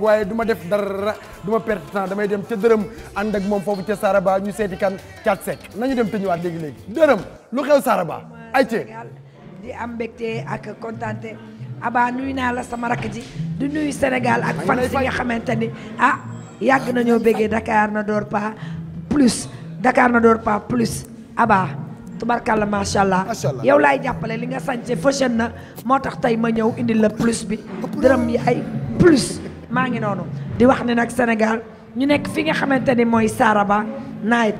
waaye duma def dara du ma perte damay dem ca dërëm ànd ak moom foofu ca Saraba ñu seeti kan Thiat Seck nañu dem te ñëwaat léegi léegi dërëm lu xew Saraba ay ci di am mbégte ak kontaante Aba nuyu naa la sama rakk ji di nuyu Sénégal ak fan si nga xamante ni ah yàgg nañoo béggee Dakar na door pas plus dakaar na door pas plus Aba la macha allah yow laay jàppale li nga sànce fashion na moo tax tey ma ñëw indi la plus bi dërëm yi ay plus maa ngi noonu di wax ne nag Sénégal ñu nekk fi nga xamante ni mooy Saraba night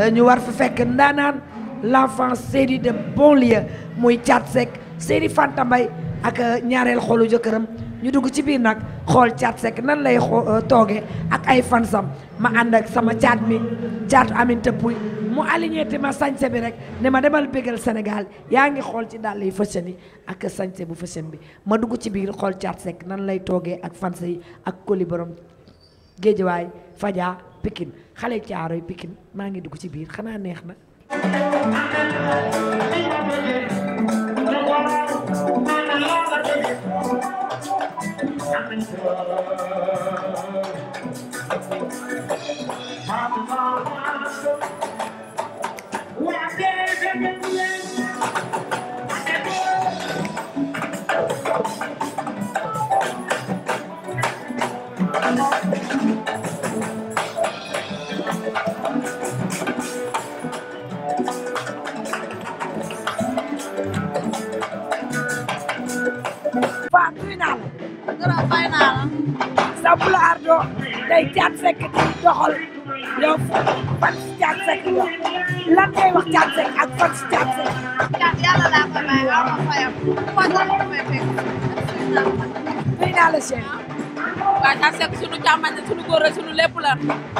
euh, ñu war fa fekk ndaanaan l'enfant série de bon lieu muy Thiat Seck série Fanta Mbaye ak euh, ñaareel xoolu jëkkëram ñu dugg ci biir nag xool Thiat Seck nan lay xoo euh, toogee ak ay fansam ma ànd ak sama Thiat mi Thiat Amin Tëppuy mu aligné te ma sañse bi rek ne ma demal bégal Sénégal yaa ngi xool ci dàll yi fashion yi ak sañse bu fashion bi ma dugg ci biir xool Thiat Seck nan lay toogee ak fanse yi ak koli borom géejawaay fajaa pikin xale caaroy pikin maa ngi dugg ci biir xanaa neex na Ba nuyu naa la. gërëm fay naa la. sa bula ardo day Thiat Seck di doxal yow fan si Thiat Seck dox lan ngay wax Thiat Seck ak fan si Thiat Seck. Thiat yàlla laa koy bàyyi waaw ma fayam kontaan na may fekk. nuyu naa la Cheikh. waaw Thiat Seck sunu càmmañ la sunu góor la sunu lépp la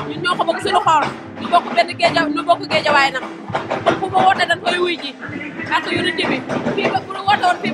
ñun ñoo ko bëgg sunu xool ñu bokk benn géeja ñu bokk géejawaay nag fu ma woote dañ koy wuy ji parce que yonent bi fii ba bu woote woon fii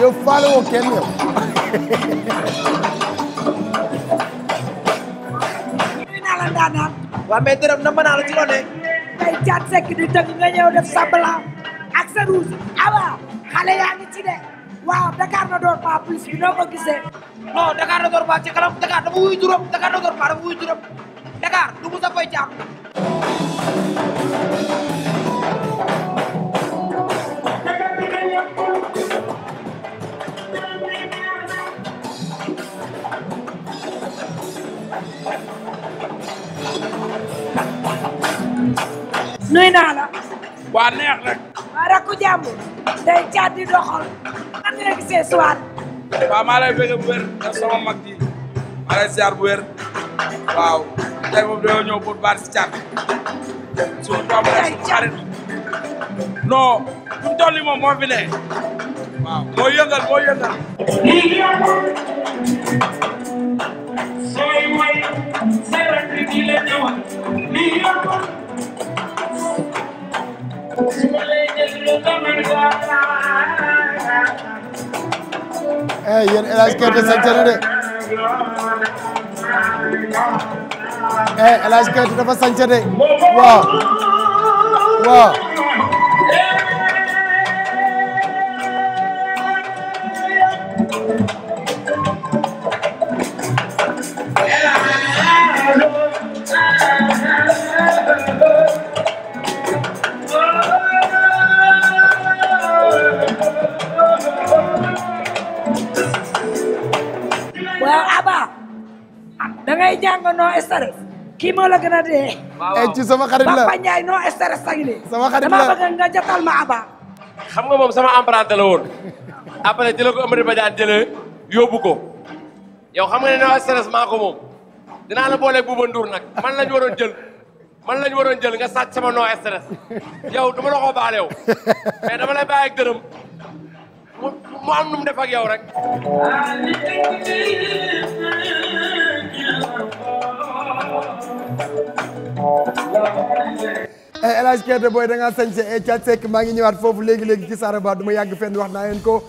yow faale woo kenn yow. nee naa la daanaka. waaw mais dërëm na mën naa la ci doon ne. tey Thiat Seck di tëgg nga ñëw ak sa rouge awa xale yaa ngi de waaw Dakar na door pas plus bi noo ko gisee. non na door pas ci kanam Dakar dafa wuyu juróom Dakar na du mu sa fay nuy naa la. waa neex rek. waa rakku caat di doxal. nan nga gisee soir. waaw maa lay bëgg bu waaw tey moom dañoo ñëw pour caat. suñu doomu rek suñu moo fi ne. moo yëngal moo yëngal. eh yéen El Hadj Keita de eh El Hadj dafa sant de waaw waaw. stress kii moo la gën a dee. waaw eh, ci sama xarit la Papa Ndiaye no stress sa ngi nii. sama xarit la dama bëgg nga jotal ma Aba. xam nga moom sama emprunté la woon après jëlee ko Amady Badiane jëlee yóbbu ko yow xam nga ne no stress maa ko moom dinaa la booleeg Bouba Ndour nag man lañ waroon jël. man jël nga sàcc sama no stress yow dama la ko baale dama lay bàyyi ak mu am nu mu def ak yow rek Eh, El Hadj Keita Boy da ngaa sañse e eh, Thiat Seck maa ngi ñëwaat foofu léegi léegi ci Saraba du ma yàgg fenn wax naa leen ko.